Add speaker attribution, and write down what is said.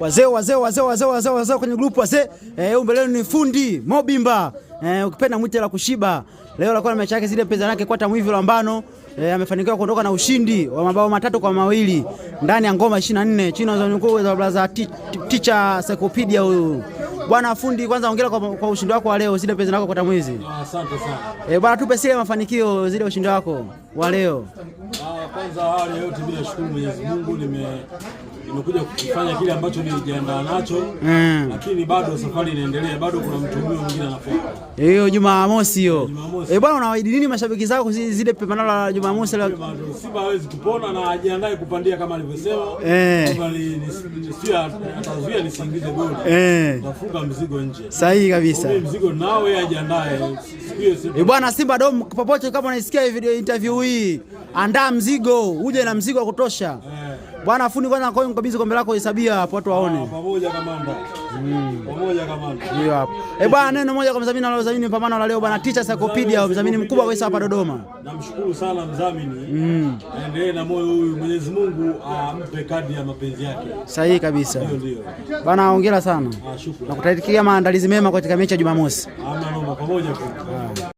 Speaker 1: wazee wazee wazee wazee wazee wazee kwenye grupu wazee. Eh, umbe leo ni fundi Mobimba, eh, ukipenda mwite la kushiba. Leo alikuwa na mechi yake zile pesa yake kwa tamu hivi la mbano Eh, amefanikiwa kuondoka na ushindi wa mabao matatu kwa mawili ndani ya ngoma 24 chini za nyuko za blaza teacher encyclopedia huyu. Bwana fundi, kwanza hongera kwa, kwa ushindi wako wa leo, zile pesa zako kwa tamwizi.
Speaker 2: Ah, asante sana.
Speaker 1: Eh, bwana tupe sile mafanikio zile ushindi wako wa leo.
Speaker 2: Ah, kwanza awali yote bila shukuru Mwenyezi Mungu nime nimekuja kufanya kile ambacho nilijiandaa nacho mm. Lakini bado safari inaendelea, bado kuna mtu huyo mwingine anafuata.
Speaker 1: Hiyo Jumamosi hiyo eh bwana, unawaidi nini mashabiki zako zile pepana la Jumamosi?
Speaker 2: Simba hawezi kupona na ajiandae kupandia kama alivyosema eh, atazuia nisiingize goli eh, nafunga mzigo nje.
Speaker 1: Sahihi kabisa,
Speaker 2: mzigo nao yeye ajiandae.
Speaker 1: E bwana, Simba Dom, popote kama unaisikia video interview hii, andaa mzigo, uje na mzigo wa kutosha eh. Bwana fundi, kwanza kwa mkabidhi kombe lako hesabia hapo watu waone. Ah,
Speaker 2: pamoja kamanda. Mm. Pamoja kamanda.
Speaker 1: Hiyo hapo. Eh, bwana neno moja kwa mzamini na mzamini pambano la leo bwana Teacher au mzamini mkubwa wewe hapa Dodoma.
Speaker 2: Namshukuru sana mzamini Mm. Endelee na moyo huyu Mwenyezi Mungu ampe kadi ya mapenzi yake.
Speaker 1: Sahihi kabisa. Ndio ndio. Bwana hongera sana. Ah, shukrani. Nakutakia maandalizi mema katika mechi ya Jumamosi. Amen. pamoja kwa.